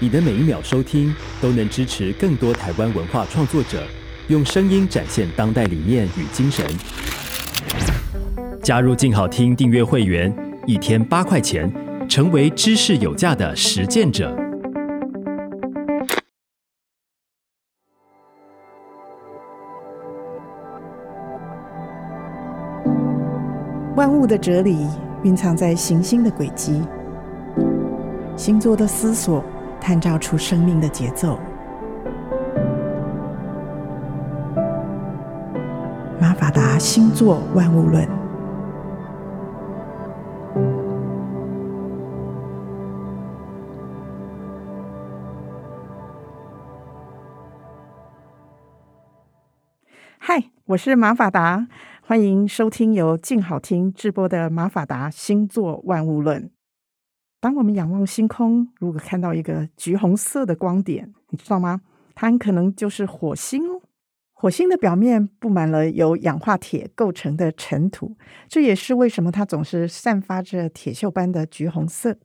你的每一秒收聽，都能支持更多台灣文化創作者，用聲音展現當代理念與精神。加入鏡好聽訂閱會員，一天八塊錢，成為知識有價的實踐者。萬物的哲理蘊藏在行星的軌跡，星座的思索。探照出生命的節奏。瑪法達星座萬物論。嗨，我是瑪法達，歡迎收聽由鏡好聽製播的《瑪法達星座萬物論》。當我們仰望星空，如果看到一個橘紅色的光點，你知道嗎？它很可能就是火星哦。火星的表面佈滿了由氧化鐵構成的塵土，這也是為什麼它總是散發着鐵鏽般的橘紅色。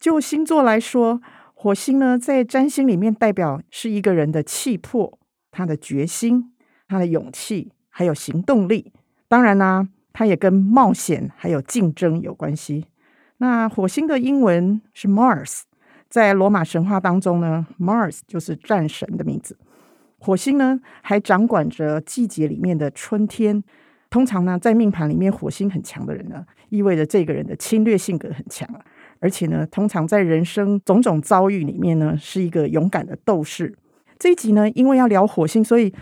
就星座來說，火星呢，在占星裡面代表是一個人的氣魄、他的決心、他的勇氣，還有行動力。當然呢、啊，它也跟冒險還有競爭有關係。那火星的英文是 Mars，在羅馬神話當中呢，Mars 就是戰神的名字。火星呢，還掌管着季節裡面的春天。通常呢，在命盤裡面火星很強的人呢，意味着這個人的侵略性格很強，而且呢，通常在人生種種遭遇裡面呢，是一個勇敢的鬥士。這一集呢，因為要聊火星，所以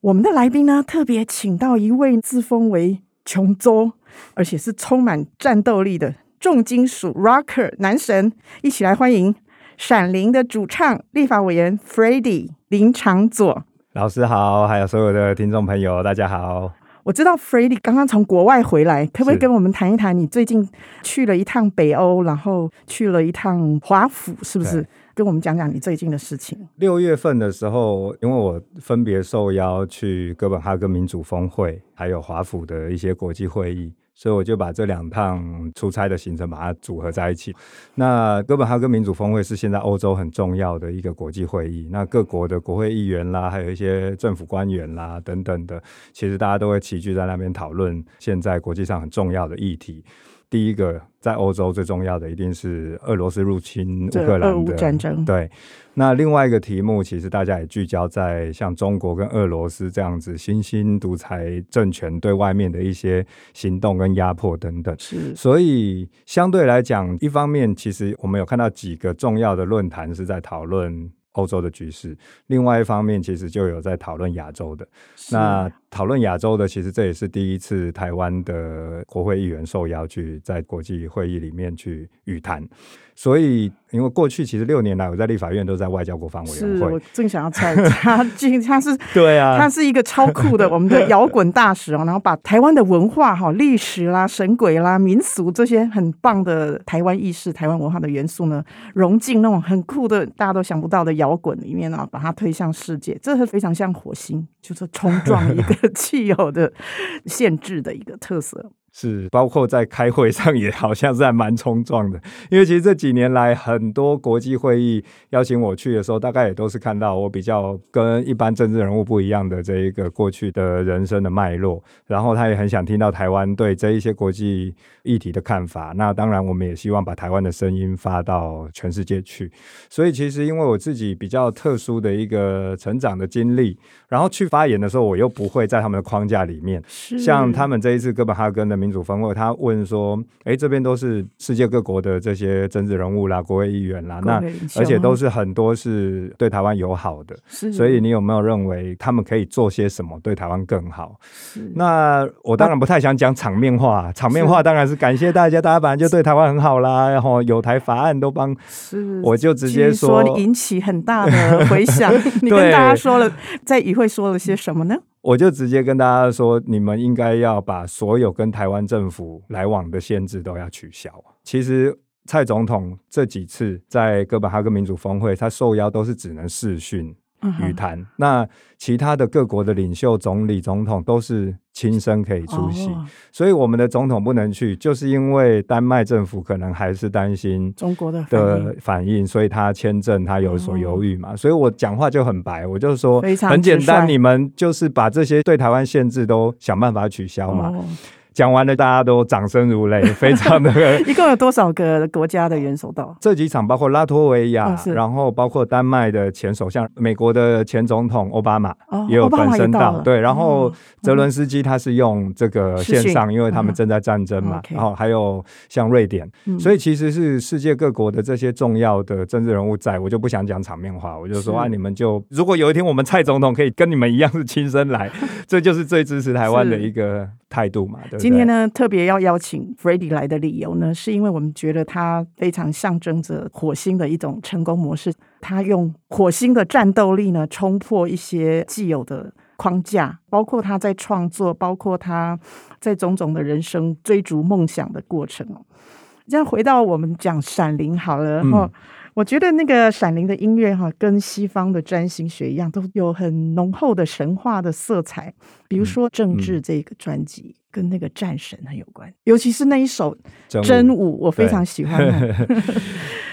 我們的來賓呢，特別請到一位自封為瓊州，而且是充滿戰鬥力的。重金屬 rocker 男神一起來歡迎《閃靈》的主唱立法委員 Freddy 林昶佐。老師好，還有所有的聽眾朋友，大家好。我知道 Freddy 剛剛從國外回來，可不可以跟我們談一談你最近去了一趟北歐，然後去了一趟華府，是不是？跟我們講講你最近的事情。六月份的時候，因為我分別受邀去哥本哈根民主峰會，還有華府的一些國際會議。所以我就把這兩趟出差的行程把它組合在一起。那哥本哈根民主峰會是現在歐洲很重要的一個國際會議，那各國的國會議員啦，還有一些政府官員啦等等的，其實大家都會齊聚在那邊討論現在國際上很重要的議題。第一個，在歐洲最重要的一定是俄羅斯入侵烏克蘭的戰爭。對，那另外一個題目，其實大家也聚焦在像中國跟俄羅斯這樣子新興獨裁政權對外面的一些行動跟壓迫等等。是，所以相對來講，一方面其實我們有看到幾個重要的論壇是在討論。歐洲的局勢，另外一方面其實就有在討論亞洲的。啊、那討論亞洲的，其實這也是第一次台灣的國會議員受邀去在國際會議裡面去與談。所以，因為過去其實六年來，我在立法院都在外交國防委員會。是，我正想要參加，畢它他是 對啊，它是一個超酷的我們的搖滾大使哦。然後把台灣的文化、哈歷史啦、神鬼啦、民俗這些很棒的台灣意識、台灣文化的元素呢，融進那種很酷的大家都想不到的搖滾裡面啊，然後把它推向世界，這是非常像火星，就是衝撞一個氣候的限制的一個特色。 是，包括在開會上也好像是還蠻衝撞的，因為其實這幾年來很多國際會議邀請我去的時候，大概也都是看到我比較跟一般政治人物不一樣的這一個過去的人生的脈絡，然後他也很想聽到台灣對這一些國際議題的看法。那當然，我們也希望把台灣的聲音發到全世界去。所以其實因為我自己比較特殊的一個成長的經歷，然後去發言的時候，我又不會在他們的框架裡面，是像他們這一次哥本哈根的。民主峰會，他問說：“哎，這邊都是世界各國的這些政治人物啦、國會議員啦，那而且都是很多是對台灣友好的，所以你有沒有認為他們可以做些什麼對台灣更好？”那我當然不太想講場面話，場面話當然是感謝大家，大家本來就對台灣很好啦，然後有台法案都幫，我就直接說,據說引起很大的回響。 對 你跟大家說了，在議會說了些什麼呢？我就直接跟大家說，你們應該要把所有跟台灣政府來往的限制都要取消。其實蔡總統這幾次在哥本哈根民主峰會，他受邀都是只能視訊。與談、嗯、那其他的各國的領袖、總理、總統都是親身可以出席，哦，所以我們的總統不能去，就是因為丹麥政府可能還是擔心中國的的反應，所以他簽證他有所猶豫嘛，哦。所以我講話就很白，我就說，很簡單非常，你們就是把這些對台灣限制都想辦法取消嘛。哦講完了，大家都掌聲如雷，非常的。 一共有多少個國家的元首到？這幾場包括拉脫維亞，嗯、然後包括丹麥的前首相，美國的前總統奧巴馬也有本身到，哦、到。對，然後澤倫斯基他是用這個線上，嗯嗯、因為他們正在戰爭嘛。嗯、然後還有像瑞典、嗯，所以其實是世界各國的這些重要的政治人物在。嗯、我就不想講場面話，我就說啊，你們就如果有一天我們蔡總統可以跟你們一樣是親身來，這就是最支持台灣的一個。態度嘛，今天呢特別要邀請 Freddy 來的理由呢，是因為我們覺得他非常象徵着火星的一種成功模式。他用火星的戰鬥力呢，衝破一些既有的框架，包括他在創作，包括他在種種的人生追逐夢想的過程哦。這樣回到我們講《閃靈》好了，嗯我覺得那個《閃靈》的音樂哈、啊，跟西方的占星學一樣，都有很濃厚的神話的色彩。比如說政治這個專輯，跟那個戰神很有關，嗯嗯，尤其是那一首《真武》，真武，我非常喜歡，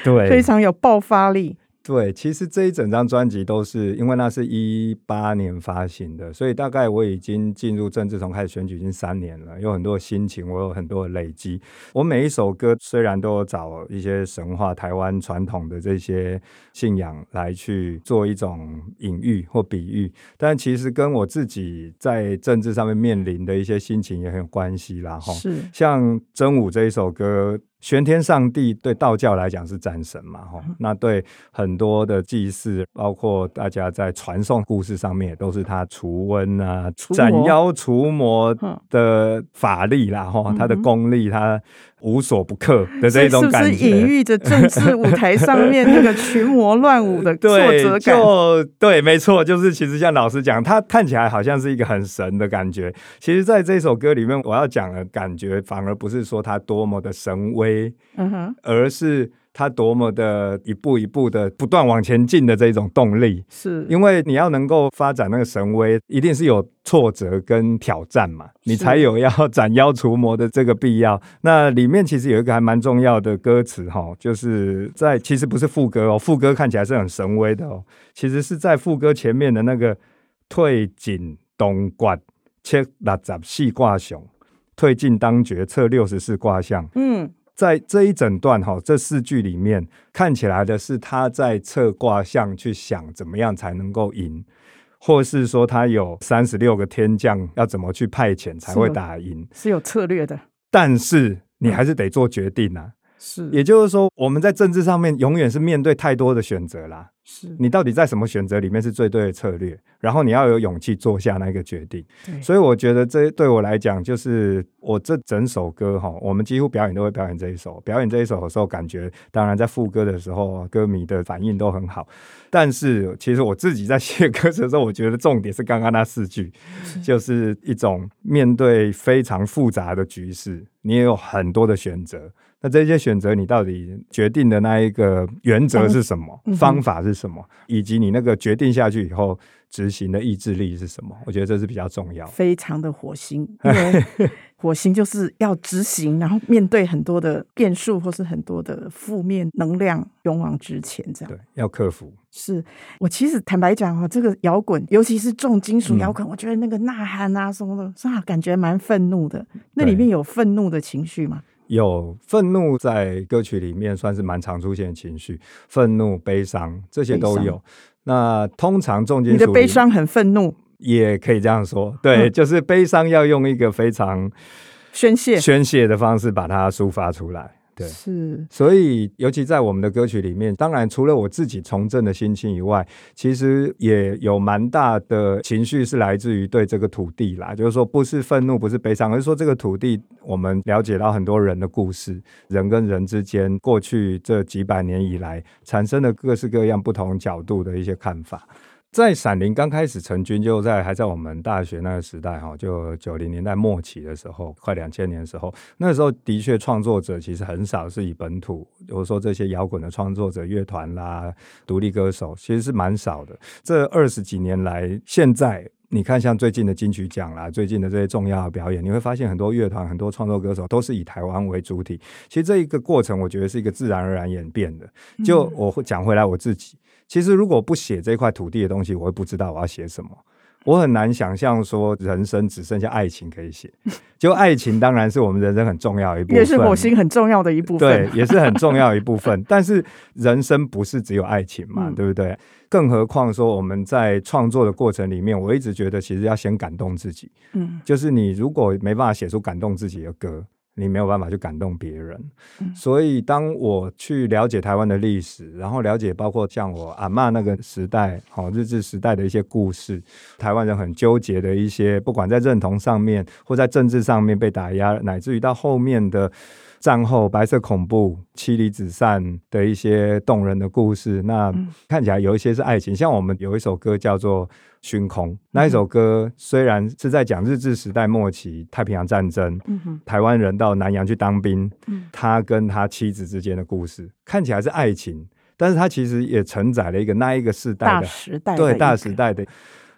對， 對，非常有爆發力。對，其實這一整張專輯都是因為那是一八年發行的，所以大概我已經進入政治，從開始選舉已經三年了，有很多的心情，我有很多的累積。我每一首歌雖然都有找一些神話、台灣傳統的這些信仰來去做一種隱喻或比喻，但其實跟我自己在政治上面面臨的一些心情也很有關係啦。哈，是。像《真武》這一首歌，玄天上帝對道教來講是戰神嘛、嗯，那對很多的祭祀，包括大家在傳頌故事上面，也都是他除瘟啊、斬妖除魔的法力啦，嗯、他的功力他。無所不克的這種感覺是，是不是隱喻着政治舞台上面那個群魔亂舞的挫折感？ 對，對，沒錯，就是其實像老師講，他看起來好像是一個很神的感覺，其實在這首歌裡面，我要講的感覺反而不是說他多麼的神威，嗯哼，而是。他多麼的一步一步的不斷往前進的這一種動力，是因為你要能夠發展那個神威，一定是有挫折跟挑戰嘛，你才有要斬妖除魔的這個必要。那裡面其實有一個還蠻重要的歌詞哈，就是在其實不是副歌哦，副歌看起來是很神威的哦，其實是在副歌前面的那個退進東冠七六十四系卦雄，退進當決策六十四卦象，嗯。在這一整段哈，這四句裡面看起來的是他在測卦象，去想怎麼樣才能夠贏，或是說他有三十六個天將要怎麼去派遣才會打贏，是有策略的。但是你還是得做決定啊，是、嗯，也就是說我們在政治上面永遠是面對太多的選擇啦。是你到底在什麼選擇裡面是最對的策略？然後你要有勇氣做下那個決定。所以我覺得這對我來講，就是我這整首歌哈，我們幾乎表演都會表演這一首。表演這一首的時候，感覺當然在副歌的時候，歌迷的反應都很好。但是其實我自己在寫歌詞的時候，我覺得重點是剛剛那四句，就是一種面對非常複雜的局勢，你也有很多的選擇。那這些選擇，你到底決定的那一個原則是什麼？嗯、方法是什麼？嗯是什麼？以及你那個決定下去以後執行的意志力是什麼？我覺得這是比較重要。非常的火星，因為火星就是要執行， 然後面對很多的變數或是很多的負面能量，勇往直前。這樣對，要克服。是我其實坦白講啊，這個搖滾，尤其是重金屬搖滾，嗯、我覺得那個吶喊啊什麼的啊，感覺蠻憤怒的。那裡面有憤怒的情緒嗎？有憤怒，在歌曲裡面算是蠻常出現的情緒，憤怒、悲傷這些都有。那通常重金屬，你的悲傷很憤怒，也可以這樣說。對，嗯、就是悲傷要用一個非常宣洩、宣洩的方式把它抒發出來。對，所以尤其在我們的歌曲裡面，當然除了我自己從政的心情以外，其實也有蠻大的情緒是來自於對這個土地啦，就是說不是憤怒，不是悲傷，而是說這個土地，我們了解到很多人的故事，人跟人之間過去這幾百年以來產生的各式各樣不同角度的一些看法。在《閃靈》剛開始成軍，就在還在我們大學那個時代，哈，就九零年代末期的時候，快兩千年的時候，那時候的確創作者其實很少是以本土，比如說這些搖滾的創作者、樂團啦、獨立歌手，其實是蠻少的。這二十幾年來，現在你看像最近的金曲獎啦，最近的這些重要的表演，你會發現很多樂團、很多創作歌手都是以台灣為主體。其實這一個過程，我覺得是一個自然而然演變的。就我會講回來我自己。嗯其實如果不寫這塊土地的東西，我會不知道我要寫什麼。我很難想象說人生只剩下愛情可以寫， 就愛情當然是我們人生很重要的一部分，也是火星很重要的一部分，對，也是很重要的一部分。 但是人生不是只有愛情嘛，嗯，對不對？更何況說我們在創作的過程裡面，我一直覺得其實要先感動自己。嗯，就是你如果沒辦法寫出感動自己的歌。你沒有辦法去感動別人。嗯，所以當我去了解台灣的歷史，然後了解包括像我阿嬤那個時代、好日治時代的一些故事，台灣人很糾結的一些，不管在認同上面或在政治上面被打壓，乃至於到後面的。戰後白色恐怖、妻離子散的一些動人的故事，那看起來有一些是愛情、嗯，像我們有一首歌叫做《熏空》，那一首歌雖然是在講日治時代末期太平洋戰爭、嗯，台灣人到南洋去當兵，嗯、他跟他妻子之間的故事看起來是愛情，但是他其實也承載了一個那一個時代的對的大時代的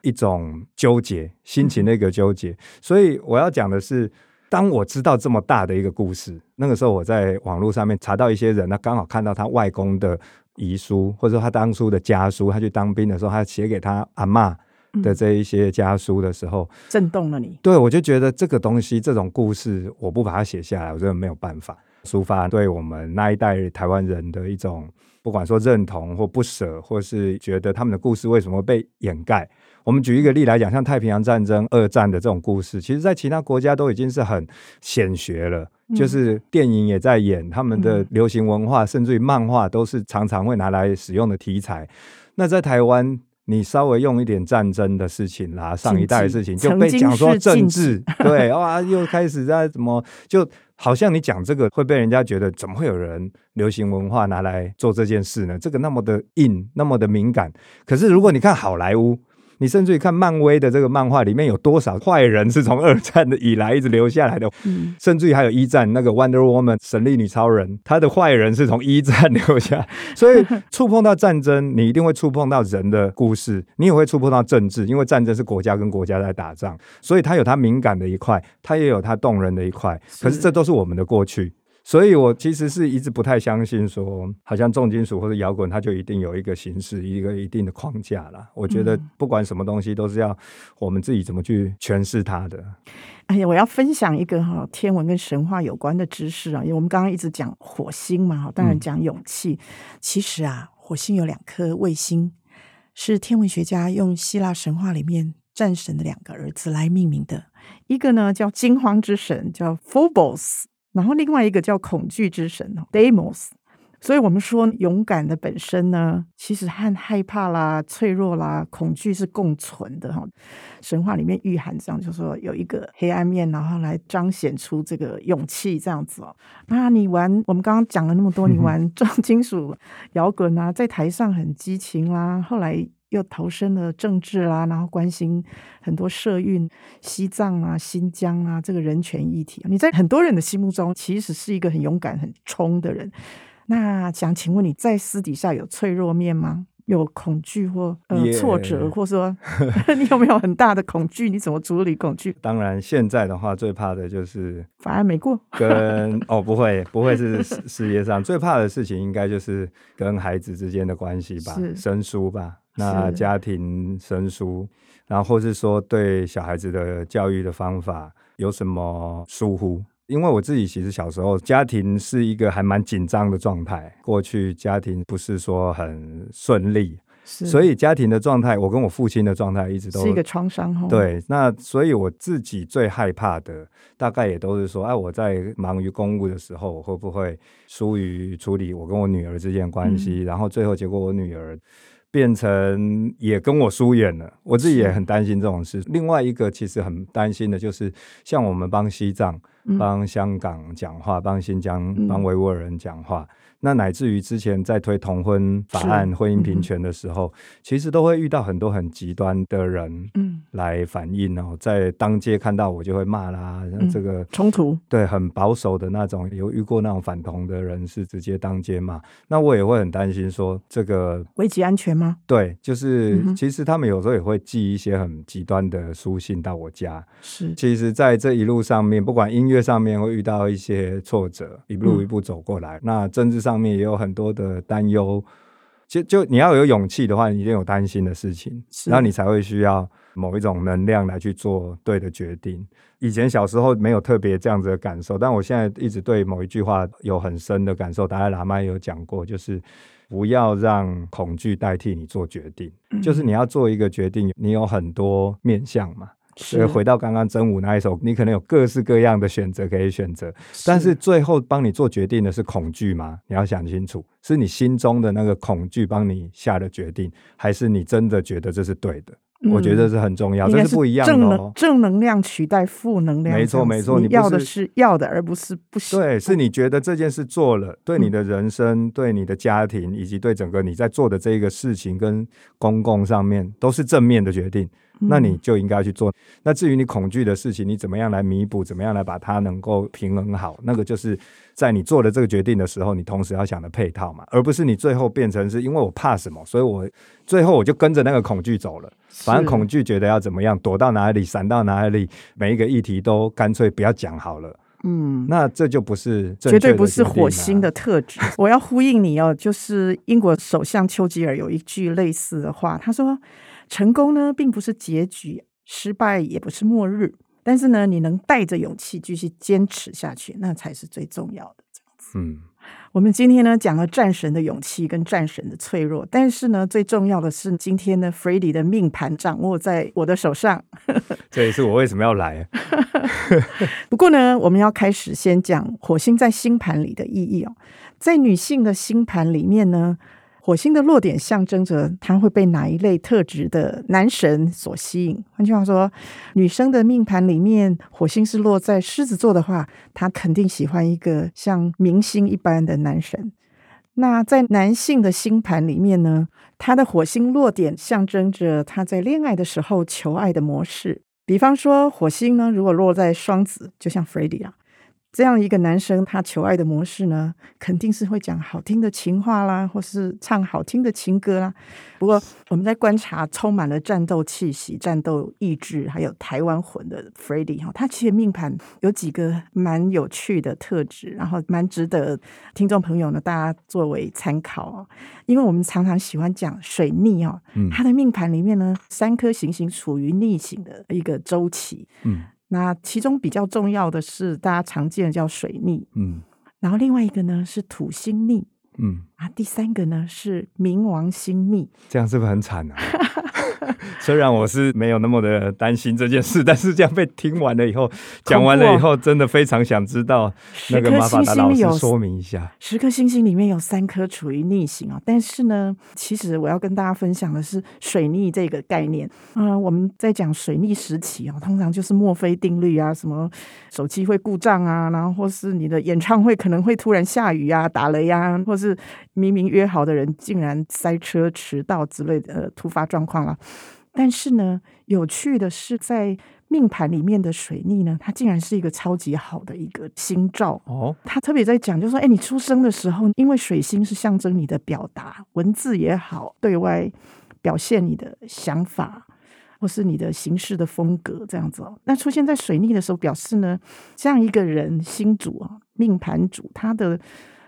一種糾結、嗯、心情的一個糾結，所以我要講的是。當我知道這麼大的一個故事，那個時候我在網絡上面查到一些人呢，剛好看到他外公的遺書，或者說他當初的家書，他去當兵的時候，他寫給他阿媽的這一些家書的時候、嗯，震動了你。對，我就覺得這個東西，這種故事，我不把它寫下來，我真的沒有辦法抒發對我們那一代台灣人的一種。不管說認同或不捨，或是覺得他們的故事為什麼被掩蓋？我們舉一個例來講，像太平洋戰爭、二戰的這種故事，其實在其他國家都已經是很顯學了，就是電影也在演，他們的流行文化，甚至於漫畫都是常常會拿來使用的題材。那在台灣，你稍微用一點戰爭的事情啦，上一代的事情就被講說政治，對，哇，又開始在怎麼就。好像你講這個會被人家覺得，怎麼會有人流行文化拿來做這件事呢？這個那麼的硬，那麼的敏感。可是如果你看好萊塢。你甚至於看漫威的這個漫畫裡面有多少壞人是從二戰的以來一直留下來的，嗯，甚至於還有一戰那個 Wonder Woman 神力女超人，她的壞人是從一戰留下來，所以觸碰到戰爭， 你一定會觸碰到人的故事，你也會觸碰到政治，因為戰爭是國家跟國家在打仗，所以它有它敏感的一塊，它也有它動人的一塊，可是這都是我們的過去。所以，我其實是一直不太相信說，好像重金屬或者搖滾，它就一定有一個形式，一個一定的框架啦。我覺得，不管什麼東西，都是要我們自己怎麼去詮釋它的。哎呀，我要分享一個哈，天文跟神話有關的知識啊，因為我們剛剛一直講火星嘛，當然講勇氣。嗯。其實啊，火星有兩顆衛星，是天文學家用希臘神話裡面戰神的兩個兒子來命名的，一個呢叫驚慌之神，叫 Phobos 然後另外一個叫恐懼之神哦，Deimos，所以我們說勇敢的本身呢，其實和害怕啦、脆弱啦、恐懼是共存的哈。神話裡面蘊含這樣，就是、說有一個黑暗面，然後來彰顯出這個勇氣這樣子哦。那、啊、你玩，我們剛剛講了那麼多，你玩重金屬搖 滾啊，在台上很激情啦、啊，後來。又投身了政治啦、啊，然後關心很多社運、西藏啊、新疆啊這個人權議題。你在很多人的心目中，其實是一個很勇敢、很衝的人。那想請問你在私底下有脆弱面嗎？有恐懼或呃、yeah. 挫折或，或者說你有沒有很大的恐懼？你怎麼處理恐懼？當然，現在的話最怕的就是法案沒過，跟 哦不會不會是世界上 最怕的事情，應該就是跟孩子之間的關係吧，是生疏吧。那家庭生疏，然後或是說對小孩子的教育的方法有什麼疏忽？因為我自己其實小時候家庭是一個還蠻緊張的狀態，過去家庭不是說很順利，所以家庭的狀態，我跟我父親的狀態一直都是一個創傷、哦。對，那所以我自己最害怕的，大概也都是說，哎、啊，我在忙於公務的時候，我會不會疏於處理我跟我女兒之間的關係？嗯、然後最後結果我女兒。變成也跟我疏遠了，我自己也很擔心這種事。另外一個其實很擔心的，就是像我們幫西藏，幫香港講話，幫新疆，幫維吾爾人講話，嗯，那乃至於之前在推同婚法案、婚姻平權的時候，嗯，其實都會遇到很多很極端的人，嗯，來反應哦，嗯，在當街看到我就會罵啦，嗯，這個衝突，對，很保守的那種，有遇過那種反同的人是直接當街罵，那我也會很擔心說這個危及安全嗎？對，就是其實他們有時候也會寄一些很極端的書信到我家，是，其實，在這一路上面，不管音樂。這上面會遇到一些挫折，一步一步走過來。嗯、那政治上面也有很多的擔憂。其實，就你要有勇氣的話，你一定有擔心的事情，然後你才會需要某一種能量來去做對的決定。以前小時候沒有特別這樣子的感受，但我現在一直對某一句話有很深的感受。達賴喇嘛也有講過，就是不要讓恐懼代替你做決定、嗯。就是你要做一個決定，你有很多面向嘛。所以回到剛剛真武那一首，你可能有各式各樣的選擇可以選擇，但是最後幫你做決定的是恐懼嗎？你要想清楚，是你心中的那個恐懼幫你下的決定，還是你真的覺得這是對的？嗯，我覺得這是很重要，這是不一樣的哦，正。正能量取代負能量，沒錯沒錯你，你要的是要的，而不是不行。對，是你覺得這件事做了，對你的人生、對你的家庭，以及對整個你在做的這個事情跟公共上面，都是正面的決定。嗯、那你就應該去做。那至於你恐懼的事情，你怎麼樣來彌補？怎麼樣來把它能夠平衡好？那個就是在你做了這個決定的時候，你同時要想的配套嘛，而不是你最後變成是因為我怕什麼，所以我最後我就跟着那個恐懼走了。反正恐懼覺得要怎麼樣，躲到哪裡，閃到哪裡，每一個議題都乾脆不要講好了。嗯，那這就不是、這、絕對不是火星的特質。 我要呼應你哦，就是英國首相丘吉爾有一句類似的話，他說。成功呢，並不是結局；失敗也不是末日。但是呢，你能帶着勇氣繼續堅持下去，那才是最重要的。這樣子，嗯，我們今天呢，講了戰神的勇氣跟戰神的脆弱，但是呢，最重要的是，今天呢 Freddy 的命盤掌握在我的手上，這 也是我為什麼要來。 不過呢，我們要開始先講火星在星盤裡的意義哦，在女性的星盤裡面呢。火星的落點象徵着他會被哪一類特質的男神所吸引。換句話說，女生的命盤裡面，火星是落在獅子座的話，她肯定喜歡一個像明星一般的男神。那在男性的星盤裡面呢，他的火星落點象徵着他在戀愛的時候求愛的模式。比方說，火星呢如果落在雙子，就像 Freddy 啊。這樣一個男生，他求愛的模式呢，肯定是會講好聽的情話啦，或是唱好聽的情歌啦。不過，我們在觀察充滿了戰鬥氣息、戰鬥意志，還有台灣魂的 Freddy 哈，他其實命盤有幾個蠻有趣的特質，然後蠻值得聽眾朋友呢大家作為參考哦。因為我們常常喜歡講水逆哦，嗯、他的命盤裡面呢，三顆行星處於逆行的一個週期。嗯。那其中比較重要的是，大家常見的叫水逆，嗯，然後另外一個呢是土星逆，嗯，啊，第三個呢是冥王星逆，這樣是不是很慘？啊 雖然我是沒有那麼的擔心這件事，但是這樣被聽完了以後，講、啊、完了以後，真的非常想知道那個馬法達老師說明一下，十顆星星裡面有三顆處於逆行啊。但是呢，其實我要跟大家分享的是水逆這個概念啊、呃。我們在講水逆時期啊，通常就是墨菲定律啊，什麼手機會故障啊，然後或是你的演唱會可能會突然下雨啊、打雷呀、啊，或是明明約好的人竟然塞車遲到之類的突發狀況啊但是呢，有趣的是，在命盤裡面的水逆呢，它竟然是一個超級好的一個星照哦。他、oh. 特別在講，就是說：“哎，你出生的時候，因為水星是象徵你的表達，文字也好，對外表現你的想法，或是你的行事的風格這樣子哦。那出現在水逆的時候，表示呢，這樣一個人，星主、啊、命盤主，他的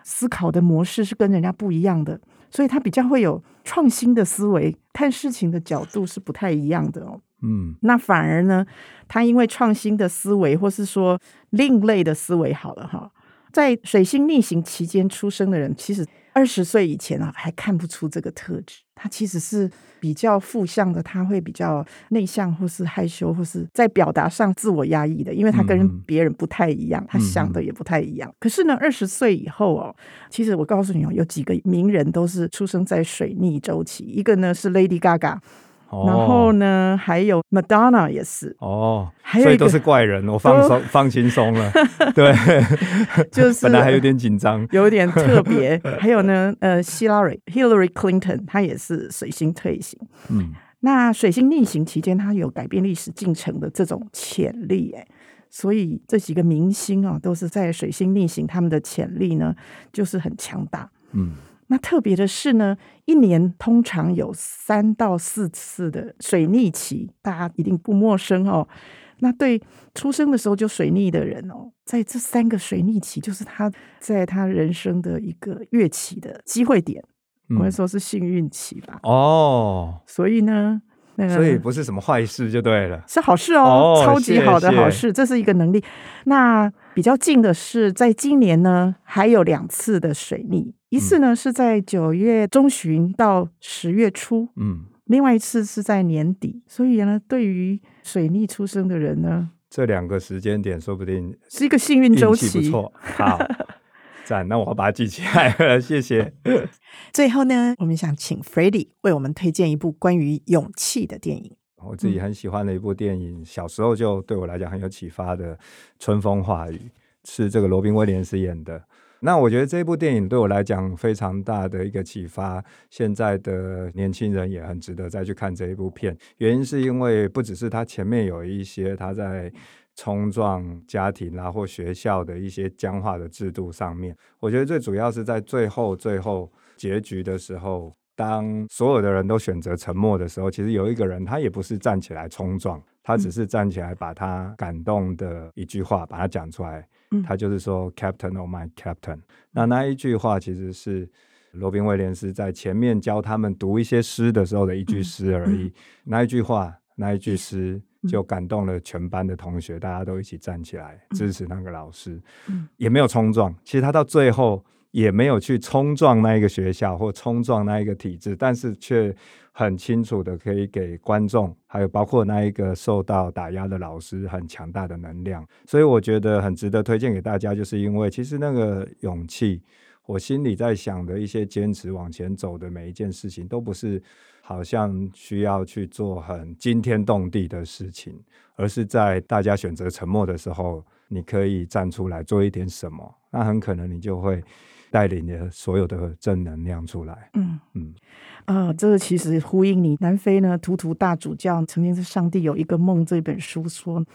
思考的模式是跟人家不一樣的。”所以他比較會有創新的思維，看事情的角度是不太一樣的哦。嗯，那反而呢，他因為創新的思維，或是說另類的思維，好了哈，在水星逆行期間出生的人，其實。二十歲以前啊，還看不出這個特質。他其實是比較負向的，他會比較內向，或是害羞，或是在表達上自我壓抑的，因為他跟別人不太一樣，他想的也不太一樣。可是呢，二十歲以後哦，其實我告訴你哦，有幾個名人都是出生在水逆週期。一個呢是 Lady Gaga。然後呢，還有 Madonna 也是哦，還有一個，所以都是怪人，我放鬆放輕鬆了， 對，就是 本來還有點緊張，有點特別。 還有呢，呃，Hillary Hillary Clinton 她也是水星退行，嗯，那水星逆行期間，他有改變歷史進程的這種潛力，耶，所以這幾個明星啊，都是在水星逆行，他們的潛力呢就是很強大，嗯。那特別的是呢，一年通常有三到四次的水逆期，大家一定不陌生哦。那對出生的時候就水逆的人哦，在這三個水逆期，就是他在他人生的一個躍起的機會點，嗯、我們說是幸運期吧。哦，所以呢，那個所以不是什麼壞事就對了，是好事哦，哦超級好的好事謝謝，這是一個能力。那比較近的是，在今年呢，還有兩次的水逆。一次呢是在九月中旬到十月初，嗯，另外一次是在年底，所以呢，對於水逆出生的人呢，這兩個時間點說不定是一個幸運週期。 好讚，那我把它記起來了，謝謝。最後呢，我們想請 Freddie 為我們推薦一部關於勇氣的電影。我自己很喜歡的一部電影，嗯、小時候就對我來講很有啟發的，《春風化雨》是這個羅賓威廉斯演的。那我覺得這部電影對我來講非常大的一個啟發，現在的年輕人也很值得再去看這一部片。原因是因為不只是他前面有一些他在衝撞家庭啊或學校的一些僵化的制度上面，我覺得最主要是在最後最後結局的時候。當所有的人都選擇沉默的時候，其實有一個人，他也不是站起來衝撞，他只是站起來把他感動的一句話把它、嗯、講出來。他就是說，Captain o、oh、r my Captain、嗯。那那一句話其實是羅賓威廉斯在前面教他們讀一些詩的時候的一句詩而已。嗯嗯、那一句話，那一句詩就感動了全班的同學，嗯、大家都一起站起來支持那個老師、嗯。也沒有衝撞。其實他到最後。也沒有去衝撞那一個學校或衝撞那一個體制，但是卻很清楚的可以給觀眾，還有包括那一個受到打壓的老師很強大的能量，所以我覺得很值得推薦給大家。就是因為其實那個勇氣，我心裡在想的一些堅持往前走的每一件事情，都不是好像需要去做很驚天動地的事情，而是在大家選擇沉默的時候，你可以站出來做一點什麼，那很可能你就會。帶領你的所有的正能量出來，嗯嗯啊、呃，這個其實呼應你南非呢，圖圖大主教曾經是上帝有一個夢這本書說，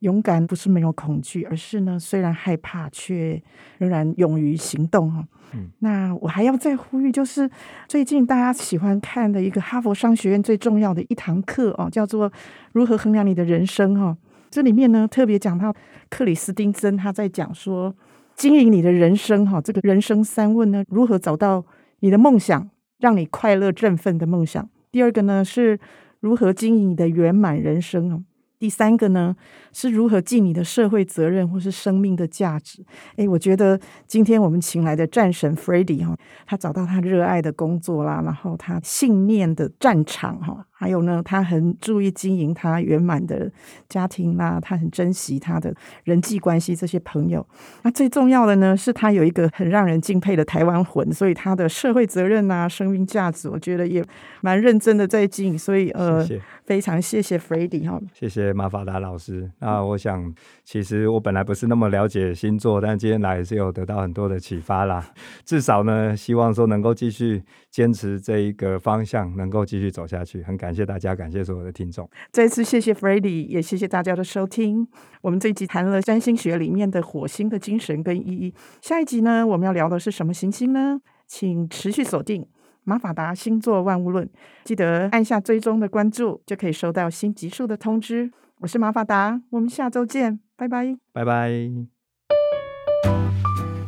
勇敢不是沒有恐懼，而是呢雖然害怕卻仍然勇於行動哈、嗯。那我還要再呼籲，就是最近大家喜歡看的一個哈佛商學院最重要的一堂課哦，叫做如何衡量你的人生哈、哦。這裡面呢特別講到克里斯汀森他在講說。經營你的人生，哈，這個人生三問呢，如何找到你的夢想，讓你快樂振奮的夢想？第二個呢，是如何經營你的圓滿人生？第三個呢，是如何盡你的社會責任或是生命的價值？誒，我覺得今天我們請來的戰神 Freddy 哈，他找到他熱愛的工作啦，然後他信念的戰場哈。還有呢，他很注意經營他圓滿的家庭啦、啊，他很珍惜他的人際關係，這些朋友。那、啊、最重要的呢，是他有一個很讓人敬佩的台灣魂，所以他的社會責任吶、啊、生命價值，我覺得也蠻認真的在經營，所以呃，謝謝，非常謝謝 Freddy 哈，謝謝馬法達老師。那、啊、我想，其實我本來不是那麼了解星座，但今天來也是有得到很多的啟發啦。至少呢，希望說能夠繼續堅持這一個方向，能夠繼續走下去，很感。感謝大家，感謝所有的聽眾。再次謝謝 Freddy，也謝謝大家的收聽。我們這一集談了占星學裡面的火星的精神跟意義。下一集呢，我們要聊的是什麼行星呢？請持續鎖定馬法達星座萬物論，記得按下追蹤的關注，就可以收到新集數的通知。我是馬法達，我們下週見，拜拜，拜拜。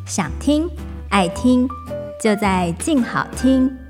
想聽愛聽，就在靜好聽。